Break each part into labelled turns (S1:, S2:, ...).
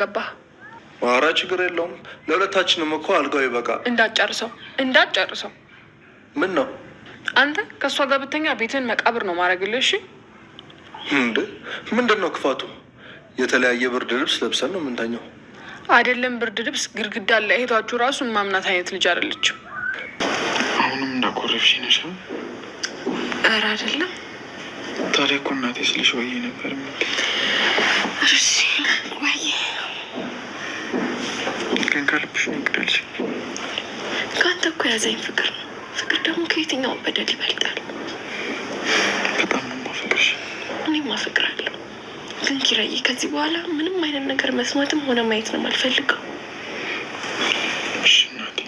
S1: ገባ
S2: ዋራ ችግር የለውም። ለሁለታችንም እኮ አልጋው ይበቃ።
S1: እንዳትጨርሰው እንዳትጨርሰው። ምን ነው አንተ ከእሷ ጋር ብተኛ ቤትን መቃብር ነው ማድረግልህ። እሺ
S2: እንደ ምንድን ነው ክፋቱ? የተለያየ ብርድ ልብስ ለብሰን ነው የምንተኛው።
S1: አይደለም ብርድ ልብስ ግድግዳ ላይ እህታችሁ ራሱን ማምናት አይነት ልጅ አይደለችም።
S2: አሁንም እንዳኮረፍሽ ነሽ።
S1: ኧረ አይደለም።
S2: ታዲያ እኮ እናቴ ስልሽ ወይዬ ነበር። ወይ ፍቅሬን ካልብሽ እንግዳልሽ
S1: ከአንተ እኮ ያዘኝ ፍቅር ነው። ፍቅር ደግሞ ከየትኛው በደል ይበልጣል።
S2: በጣም ነው የማፈቅርሽ።
S1: እኔም አፈቅራለሁ። ግን ኪራዬ፣ ከዚህ በኋላ ምንም አይነት ነገር መስማትም ሆነ ማየት ነው የማልፈልገው።
S2: እሺ እናቴ፣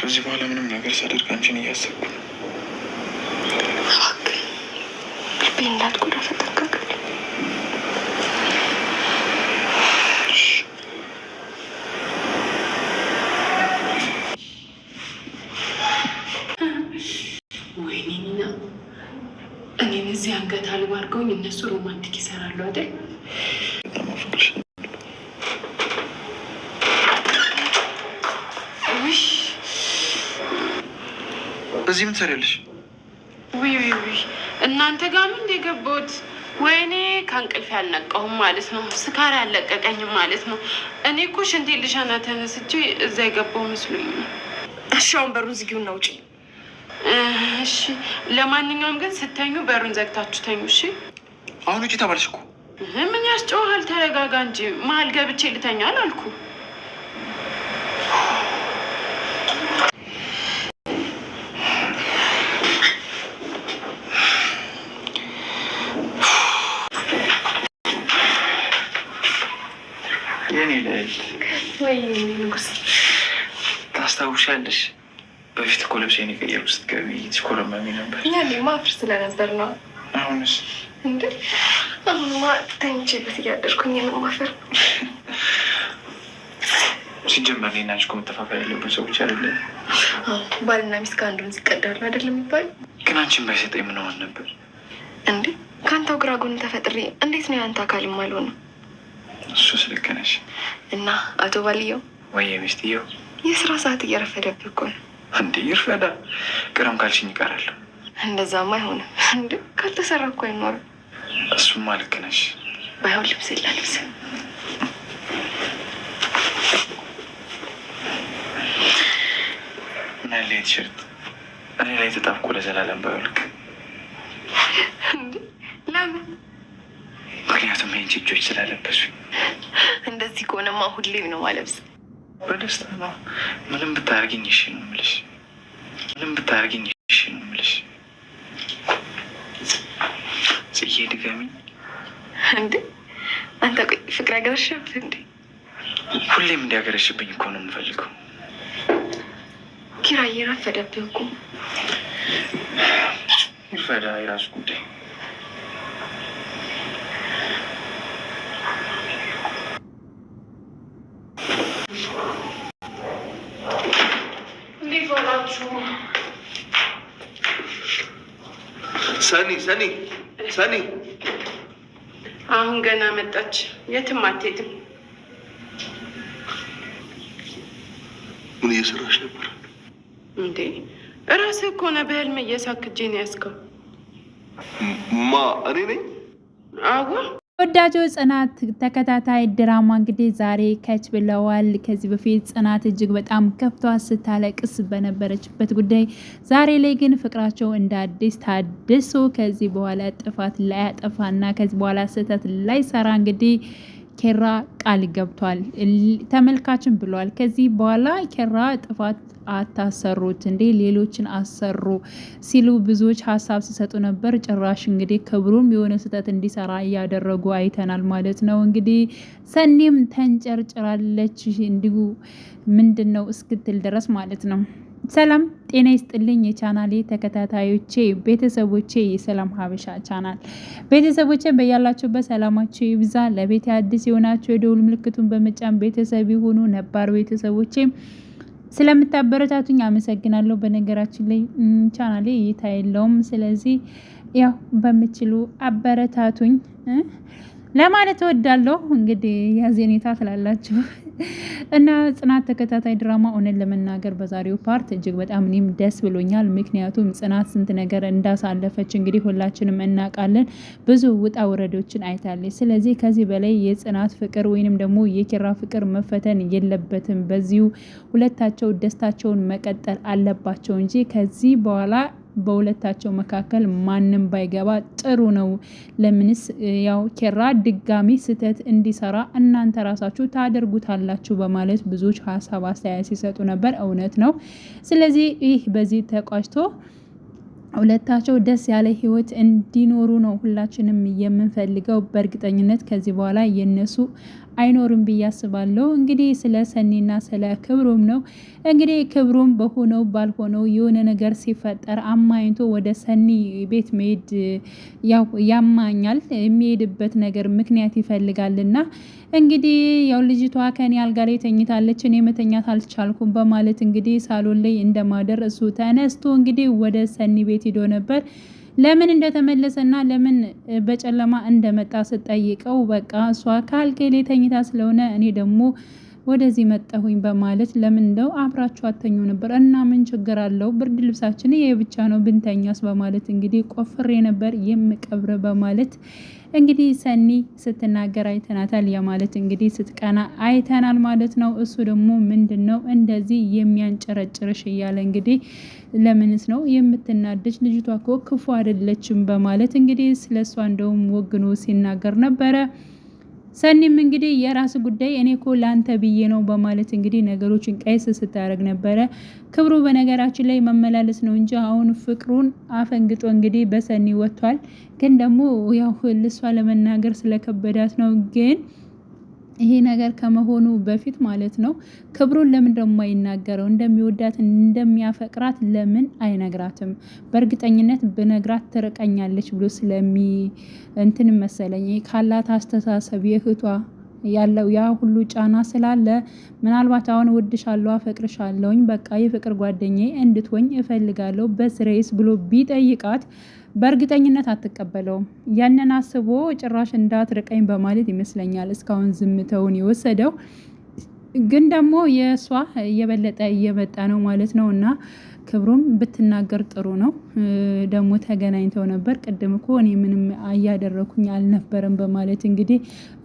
S2: ከዚህ በኋላ ምንም ነገር ሳደርግ አንቺን እያሰብኩ ነው።
S1: እባክህ ልቤ እንዳትጎዳ ፈጠ አድርገውኝ እነሱ ሮማንቲክ ይሰራሉ አይደል?
S2: እዚህ ምን ትሰሪያለሽ?
S1: ውይ ውይ ውይ እናንተ ጋር ምን የገባሁት? ወይኔ ከእንቅልፍ ያልነቀሁም ማለት ነው፣ ስካር ያለቀቀኝም ማለት ነው። እኔ እኮ ሽንቴ ልሻና ተነስቼ እዛ የገባው መስሎኝ ነው። እሺ አሁን በሩን ዝጊውና ውጪ። እሺ ለማንኛውም ግን ስተኙ በሩን ዘግታችሁ ተኙ። እሺ
S2: አሁን ውጭ ተባለሽኩ
S1: እኮ ምን ያስጨዋሃል? ተረጋጋ እንጂ መሀል ገብቼ ልተኛ አላልኩ። የኔ ንጉስ
S2: ታስታውሻለሽ? በፊት እኮ ልብሴን የቀየሩ ስትገቢ ትኮረመሚ ነበር።
S1: ያኔማ አፍር ስለነበር ነው። አሁንስ እንደ አሁንማ ተኝቼበት እያደርኩኝ የምማፈር
S2: ሲጀመር ሌና ችኮ መተፋፈር ያለብን ሰዎች አይደለ።
S1: ባልና ሚስት ከአንዱን ሲቀዳሉ አይደለም የሚባል
S2: ግን አንቺን ባይሰጠኝ ምን ሆን ነበር
S1: እንዴ? ከአንተው ግራ ጎን ተፈጥሬ እንዴት ነው የአንተ አካልም አልሆነም።
S2: እሱ ስልክ ነሽ
S1: እና አቶ ባልየው
S2: ወይ ሚስትየው
S1: የስራ ሰዓት እየረፈደብህ እኮ ነው
S2: እንዴ ይርፈዳ ቅረም ካልሽኝ ይቀራለሁ።
S1: እንደዛማ አይሆንም። እንደ ካልተሰራ እኮ አይኖርም።
S2: እሱማ ልክ ነሽ።
S1: ባይሆን ልብስ የለ ልብስ
S2: ናለ ቲሸርት እኔ ላይ ተጣብቆ ለዘላለም ባይወልቅ ለምን? ምክንያቱም ይህን እጆች ስላለበሱ
S1: እንደዚህ ከሆነማ ሁሌም ነው ማለብስ
S2: በደስታ ነው። ምንም ብታደርግኝ እሺ ነው የምልሽ። ምንም ብታደርግኝ እሺ ነው የምልሽ። ጽዬ ድገሚ
S1: እንዴ አንተ ቆይ ፍቅር ያገረሸብህ እንዴ?
S2: ሁሌም እንዲያገረሽብኝ እኮ ነው የምፈልገው።
S1: ኪራዬ ረፈደብህ እኮ።
S2: ይፈዳ፣ የራሱ ጉዳይ
S1: እንዴት ዋላችሁ?
S2: ሰኒ ሰኒ ሰኒ
S1: አሁን ገና መጣች። የትም አትሄድም።
S2: ምን እየሰራች ነበር
S1: እንዴ? እራስህ እኮ ነህ በህልም እየሳክጄ ነው ያዝከው።
S2: ማ እኔ ነኝ?
S1: አዋ
S3: ወዳጆ ጽናት ተከታታይ ድራማ እንግዲህ ዛሬ ከች ብለዋል። ከዚህ በፊት ጽናት እጅግ በጣም ከፍቷ ስታለቅስ በነበረችበት ጉዳይ ዛሬ ላይ ግን ፍቅራቸው እንደ አዲስ ታድሶ ከዚህ በኋላ ጥፋት ላያጠፋና ከዚህ በኋላ ስህተት ላይሰራ እንግዲህ ኬራ ቃል ገብቷል። ተመልካችን ብለዋል። ከዚህ በኋላ ኬራ ጥፋት አታሰሩት እንዴ ሌሎችን አሰሩ ሲሉ ብዙዎች ሀሳብ ሲሰጡ ነበር። ጭራሽ እንግዲህ ክብሩም የሆነ ስህተት እንዲሰራ እያደረጉ አይተናል ማለት ነው። እንግዲህ ሰኔም ተንጨርጭራለች እንዲሁ ምንድን ነው እስክትል ድረስ ማለት ነው። ሰላም ጤና ይስጥልኝ የቻናሌ ተከታታዮቼ ቤተሰቦቼ፣ የሰላም ሀበሻ ቻናል ቤተሰቦቼ በያላችሁበት ሰላማችሁ ይብዛ። ለቤት አዲስ የሆናችሁ የደውል ምልክቱን በመጫን ቤተሰብ የሆኑ ነባር ቤተሰቦቼ ስለምታበረታቱኝ አመሰግናለሁ። በነገራችን ላይ ቻናሌ እይታ የለውም። ስለዚህ ያው በምችሉ አበረታቱኝ ለማለት እወዳለሁ። እንግዲህ ያዜኔታ ትላላችሁ እና ጽናት ተከታታይ ድራማ እውነት ለመናገር በዛሬው ፓርት እጅግ በጣም እኔም ደስ ብሎኛል። ምክንያቱም ጽናት ስንት ነገር እንዳሳለፈች እንግዲህ ሁላችንም እናውቃለን። ብዙ ውጣ ውረዶችን አይታለች። ስለዚህ ከዚህ በላይ የጽናት ፍቅር ወይንም ደግሞ የኪራ ፍቅር መፈተን የለበትም። በዚሁ ሁለታቸው ደስታቸውን መቀጠል አለባቸው እንጂ ከዚህ በኋላ በሁለታቸው መካከል ማንም ባይገባ ጥሩ ነው። ለምንስ ያው ኬራ ድጋሚ ስህተት እንዲሰራ እናንተ ራሳችሁ ታደርጉታላችሁ በማለት ብዙዎች ሀሳብ አስተያየት ሲሰጡ ነበር። እውነት ነው። ስለዚህ ይህ በዚህ ተቋጭቶ ሁለታቸው ደስ ያለ ህይወት እንዲኖሩ ነው ሁላችንም የምንፈልገው። በእርግጠኝነት ከዚህ በኋላ የነሱ አይኖርም ብዬ አስባለሁ። እንግዲህ ስለ ሰኒና ስለ ክብሩም ነው እንግዲህ ክብሩም በሆነው ባልሆነው የሆነ ነገር ሲፈጠር አማኝቶ ወደ ሰኒ ቤት መሄድ ያማኛል። የሚሄድበት ነገር ምክንያት ይፈልጋልና እንግዲህ ያው ልጅቷ ከኔ አልጋ ላይ ተኝታለች፣ እኔ መተኛት አልቻልኩም በማለት እንግዲህ ሳሎን ላይ እንደማደር እሱ ተነስቶ እንግዲህ ወደ ሰኒ ቤት ሂዶ ነበር። ለምን እንደተመለሰና ለምን በጨለማ እንደመጣ ስጠይቀው በቃ እሷ ካልጋሌ ተኝታ ስለሆነ እኔ ደግሞ ወደዚህ መጣሁኝ በማለት ለምን እንደው አብራችሁ አተኙ ነበር እና ምን ችግር አለው? ብርድ ልብሳችን ይሄ ብቻ ነው ብንተኛስ? በማለት እንግዲህ ቆፍሬ ነበር የምቀብር በማለት እንግዲህ ሰኒ ስትናገር አይተናታል። ያ ማለት እንግዲህ ስትቀና አይተናል ማለት ነው። እሱ ደግሞ ምንድን ነው እንደዚህ የሚያንጨረጭርሽ እያለ እንግዲህ ለምንስ ነው የምትናደች? ልጅቷ እኮ ክፉ አይደለችም በማለት እንግዲህ ስለሷ እንደውም ወግኖ ሲናገር ነበረ። ሰኒም እንግዲህ የራስ ጉዳይ እኔ እኮ ለአንተ ብዬ ነው በማለት እንግዲህ ነገሮችን ቀይስ ስታደርግ ነበረ። ክብሩ በነገራችን ላይ መመላለስ ነው እንጂ አሁን ፍቅሩን አፈንግጦ እንግዲህ በሰኒ ወጥቷል። ግን ደግሞ ያው ልሷ ለመናገር ስለከበዳት ነው ግን ይሄ ነገር ከመሆኑ በፊት ማለት ነው ክብሩን ለምን አይናገረው? እንደሚወዳት እንደሚያፈቅራት ለምን አይነግራትም? በእርግጠኝነት ብነግራት ትርቀኛለች ብሎ ስለሚ እንትን መሰለኝ ካላት አስተሳሰብ የእህቷ ያለው ያ ሁሉ ጫና ስላለ ምናልባት አሁን እወድሻለሁ አፈቅርሻለሁኝ በቃ የፍቅር ጓደኛዬ እንድትወኝ እፈልጋለሁ በስሬስ ብሎ ቢጠይቃት በእርግጠኝነት አትቀበለውም። ያንን አስቦ ጭራሽ እንዳትርቀኝ በማለት ይመስለኛል እስካሁን ዝምተውን የወሰደው። ግን ደግሞ የእሷ እየበለጠ እየመጣ ነው ማለት ነው እና ክብሩም ብትናገር ጥሩ ነው። ደግሞ ተገናኝተው ነበር። ቅድም እኮ እኔ ምንም እያደረኩኝ አልነበረም በማለት እንግዲህ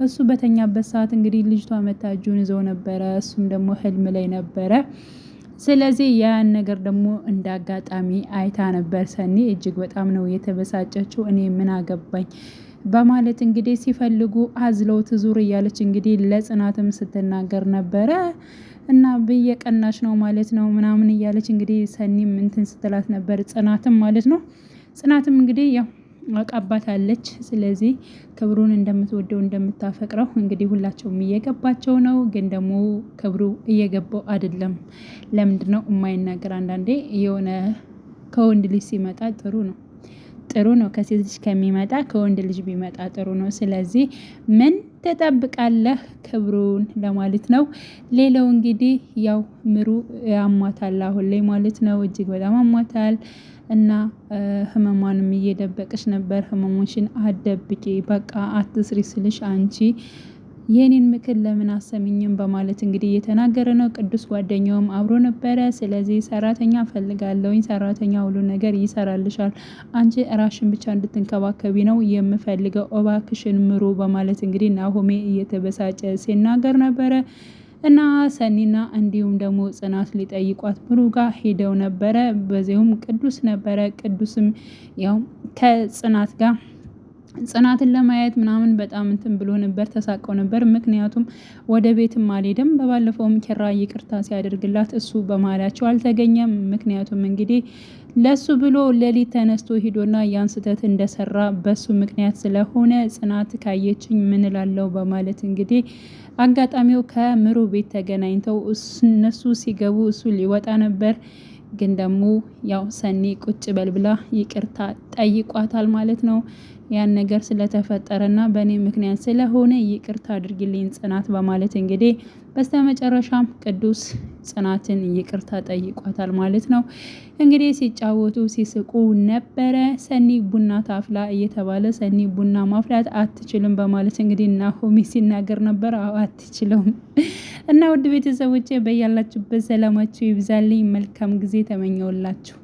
S3: እሱ በተኛበት ሰዓት እንግዲህ ልጅቷ መታ እጁን ይዘው ነበረ። እሱም ደግሞ ህልም ላይ ነበረ ስለዚህ ያን ነገር ደግሞ እንደ አጋጣሚ አይታ ነበር ሰኒ። እጅግ በጣም ነው የተበሳጨችው። እኔ ምን አገባኝ በማለት እንግዲህ ሲፈልጉ አዝለው ትዙር እያለች እንግዲህ ለጽናትም ስትናገር ነበረ እና ብየቀናሽ ነው ማለት ነው ምናምን እያለች እንግዲህ ሰኒም እንትን ስትላት ነበር ጽናትም ማለት ነው ጽናትም እንግዲህ ያው አቃባት አለች። ስለዚህ ክብሩን እንደምትወደው እንደምታፈቅረው እንግዲህ ሁላቸውም እየገባቸው ነው። ግን ደግሞ ክብሩ እየገባው አይደለም። ለምንድን ነው የማይናገር? አንዳንዴ የሆነ ከወንድ ልጅ ሲመጣ ጥሩ ነው ጥሩ ነው። ከሴት ልጅ ከሚመጣ ከወንድ ልጅ ቢመጣ ጥሩ ነው። ስለዚህ ምን ትጠብቃለህ ክብሩን ለማለት ነው። ሌላው እንግዲህ ያው ምሩ ያሟታል አሁን ላይ ማለት ነው እጅግ በጣም አሟታል። እና ህመሟንም እየደበቅሽ ነበር ህመሙሽን አትደብቂ በቃ አትስሪ ስልሽ አንቺ የኔን ምክር ለምን አሰምኝም በማለት እንግዲህ እየተናገረ ነው። ቅዱስ ጓደኛውም አብሮ ነበረ። ስለዚህ ሰራተኛ ፈልጋለውኝ ሰራተኛ ሁሉ ነገር ይሰራልሻል፣ አንቺ ራሽን ብቻ እንድትንከባከቢ ነው የምፈልገው፣ እባክሽን ምሩ በማለት እንግዲህ ናሆሜ እየተበሳጨ ሲናገር ነበረ። እና ሰኒና እንዲሁም ደግሞ ጽናት ሊጠይቋት ምሩ ጋር ሄደው ነበረ። በዚሁም ቅዱስ ነበረ። ቅዱስም ያው ከጽናት ጋር ጽናትን ለማየት ምናምን በጣም እንትን ብሎ ነበር፣ ተሳቀው ነበር። ምክንያቱም ወደ ቤትም አልሄደም። በባለፈውም ኪራ ይቅርታ ሲያደርግላት እሱ በማላቸው አልተገኘም። ምክንያቱም እንግዲህ ለሱ ብሎ ሌሊት ተነስቶ ሂዶና ያን ስህተት እንደሰራ በሱ ምክንያት ስለሆነ ጽናት ካየችኝ ምን በማለት እንግዲህ አጋጣሚው ከምሩ ቤት ተገናኝተው እነሱ ሲገቡ እሱ ሊወጣ ነበር ግን ደግሞ ያው ሰኔ ቁጭ በል ብላ ይቅርታ ጠይቋታል ማለት ነው። ያን ነገር ስለተፈጠረና በእኔ ምክንያት ስለሆነ ይቅርታ አድርጊልኝ ጽናት በማለት እንግዲህ በስተመጨረሻም ቅዱስ ጽናትን ይቅርታ ጠይቋታል ማለት ነው። እንግዲህ ሲጫወቱ ሲስቁ ነበረ። ሰኒ ቡና ታፍላ እየተባለ ሰኒ ቡና ማፍላት አትችልም በማለት እንግዲህ ናሆሚ ሲናገር ነበር። አዎ አትችለውም። እና ውድ ቤተሰቦቼ በያላችሁበት ሰላማችሁ ይብዛልኝ። መልካም ጊዜ ተመኘውላችሁ።